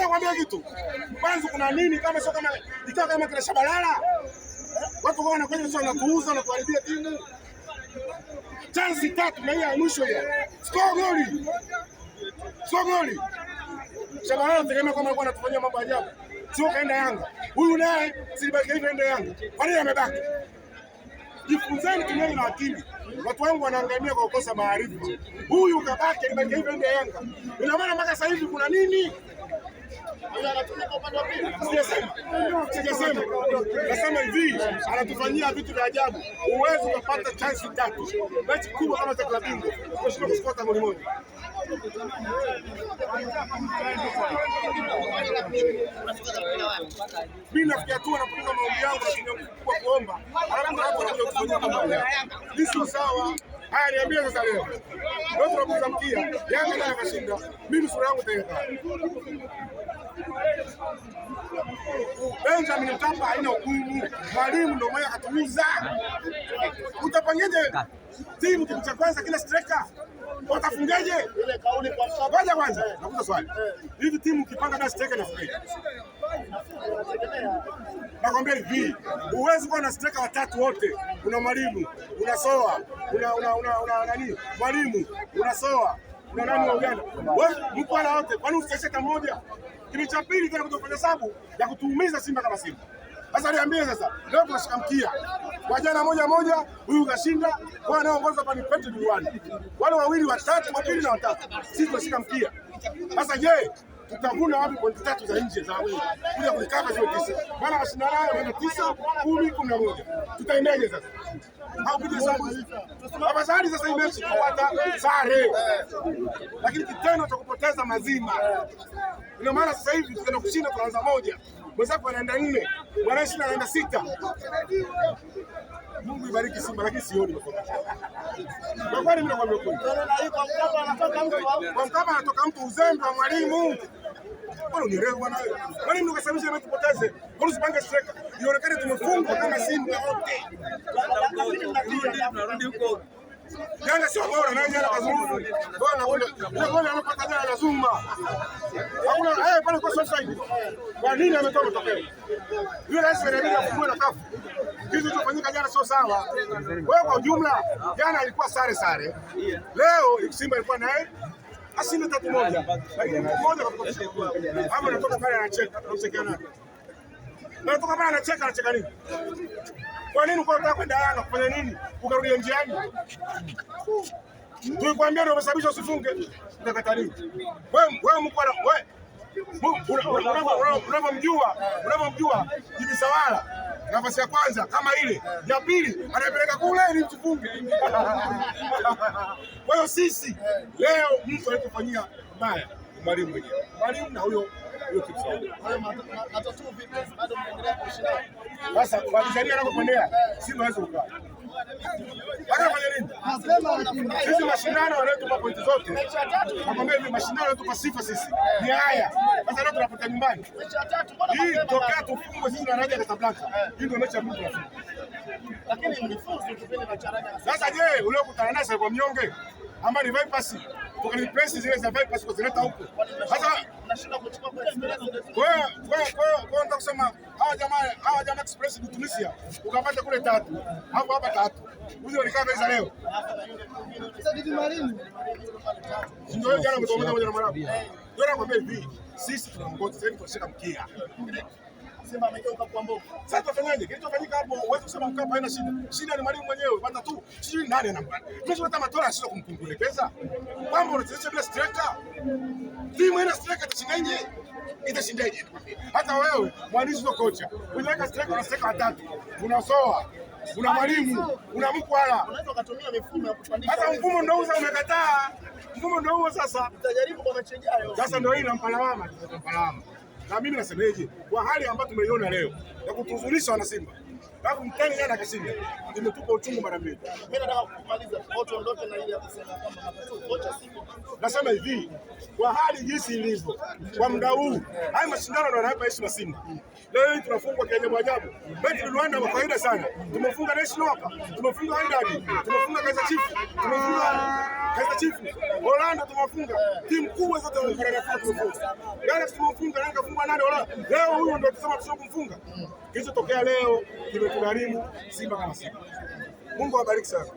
nakwambia kitu Kwanza kuna nini kama sio kama ikiwa kama kile Shabalala, watu wao wanakwenda sio na kuuza na kuharibia timu. Chansi tatu na hii ya mwisho ya. score goli, score goli. Shabalala tegemea kama alikuwa anatufanyia mambo ajabu, sio kaenda Yanga huyu naye silibaki hivi aende Yanga, kwa nini amebaki? Jifunzeni tumieni na akili. Watu wangu wanaangamia kwa kukosa maarifa. Huyu kabaki ni alibaki hivi aende Yanga, ina maana mpaka sasa hivi kuna nini? Sijasema, nasema hivi anatufanyia vitu vya ajabu. Huwezi ukapata chansi tatu mechi kubwa kama za klabu bingwa ukashinda kuskota goli moja. Mimi nafikia tu napunguza maombi yangu nakubwa kuomba, alafu sawa. Haya, niambie sasa leo. Ndio Yanga ndio akashinda. Mimi sura yangu itaweka. Benjamin Mkapa haina ugumu, mwalimu ndio mwenye akatuuza. Utapangeje timu kitu cha kwanza, kila striker watafungeje? Kwanza kwanza nakuta swali hivi, timu ukipanga na striker inafungeje? Nakwambia hivi, huwezi kuwa na striker watatu wote. Una mwalimu, una soa, una nani, mwalimu, una soa na nani wa Uganda. Wewe mko wala wote, kwani usiteshe hata mmoja? Kimi cha pili tena kuja kufanya hesabu ya kutuumiza Simba kama Simba. Sasa niambie sasa, leo tunashika mkia. Kwa jana moja moja, huyu kashinda, kwa anaongoza hapa ni Petro Wale wawili watatu, wa pili na watatu. Sisi tunashika mkia. Sasa je, tutavuna wapi pointi tatu za nje za wewe kuja kuikava zile tisa, maana mashindano haya yana tisa, kumi, kumi na moja. Tutaendaje sasa? Afadhali sasa hii mechi kupata sare, lakini kitendo cha kupoteza mazima Ina maana sasa hivi tunaenda kushinda kwa anza moja, mwenzako anaenda nne, mwanaishin anaenda sita. Mungu ibariki Simba, lakini sioni kwa kweli, mnakwambia kweli. Kwa Mkapa anatoka mtu uzembe wa mwalimu ni rewa na Mwalimu kasababisha tupoteze? poteze, usipange streka ionekane tumefungwa kama Simba wote. Jana yaani sio bora na jana kazungu. Bwana wale wale anapata jana na Zuma. Hakuna eh pale kwa side. Kwa nini ametoa matokeo? Yule rais anaweza kufungua na kafu. Kitu kilichofanyika jana sio sawa. Wewe kwa ujumla jana ilikuwa sare sare. Leo Simba ilikuwa naye asina tatu moja. Lakini mmoja kwa ama anatoka pale anacheka, anacheka nani? Anatoka pale anacheka, anacheka nini? Kwa nini uko unataka kwenda Yanga kufanya nini? Ukarudia njiani. Tulikwambia ndio umesababisha usifunge. Utakataliwa. Wewe wewe mko na wewe unavyomjua unavyomjua Jimmy Sawala, nafasi ya kwanza kama ile ya pili anapeleka kule ili mtufunge. Kwa hiyo sisi leo mtu alitufanyia mbaya mwalimu mwenyewe, mwalimu na huyo sasa Tanzania anakokwendea Simba hawezi kukaa. Sisi mashindano yanatupa pointi zote. Nakwambia hivi mashindano yanatupa sifa sisi. Eh. Ni haya. Sasa leo tunapotea nyumbani. Hii tokea tufungwe sisi na Raja Casablanca. Eh. Hii ndio mechi ya mtu Lakini mlifuzu kipindi cha Raja Sasa je, uliokutana naye kwa mnyonge? Ama ni Vipers? tukareplace zile za bypass kwa zinaleta huko. Sasa tunashinda kusema hawa jamaa hawa jamaa express kutumisia ukapata kule tatu hapo hapa tatu uzi walikaa kaza leo. Ndio jana mtu mmoja mmoja na marabu. Ndio nakwambia hivi sisi tunaongoza sasa tunashika mkia sema amegeuka kuwa mbovu. Sasa tufanyaje? Kilichofanyika hapo uweze kusema Mkapa haina shida. Shida ni mwalimu mwenyewe. Bata tu sijui nani anampa. Tunasema Matola asizo kumkumbuka. Kwamba unachezesha bila striker. Timu ina striker itashindaje? Itashindaje? Hata wewe mwandishi wa kocha. Unaweka striker na striker watatu. Unasoa. Una mwalimu, una mkwala. Unaweza kutumia mifumo ya kupandisha. Sasa mfumo ndio uza umekataa. Mfumo ndio huo sasa. Utajaribu kwa mechi ijayo. Sasa ndio hii nampalawama, nampalawama. Na mimi nasemeje kwa hali ambayo tumeiona leo ya kutuzulisha wana Simba, alafu mtani jana akashinda, imetupa uchungu mara mbili. Mimi nataka kumaliza wote na ile ya kusema kwamba nasema hivi kwa hali jinsi ilivyo kwa muda huu, haya mashindano ndio yanayapa heshima Simba. Leo hii tunafungwa kiajabu ajabu. Beti ni Rwanda wa kawaida sana, tumefunga National hapa, tumefunga Wydad, tumefunga Kaizer Chiefs, tumefunga Kaizer Chiefs Holanda, tumefunga timu kubwa zote za Afrika ya Kusini, Ghana, tumefunga Ghana, kafunga nani? Wala leo huyu ndio tunasema tusikumfunga. Kilichotokea leo kimetugharimu Simba kama Simba. Mungu awabariki sana.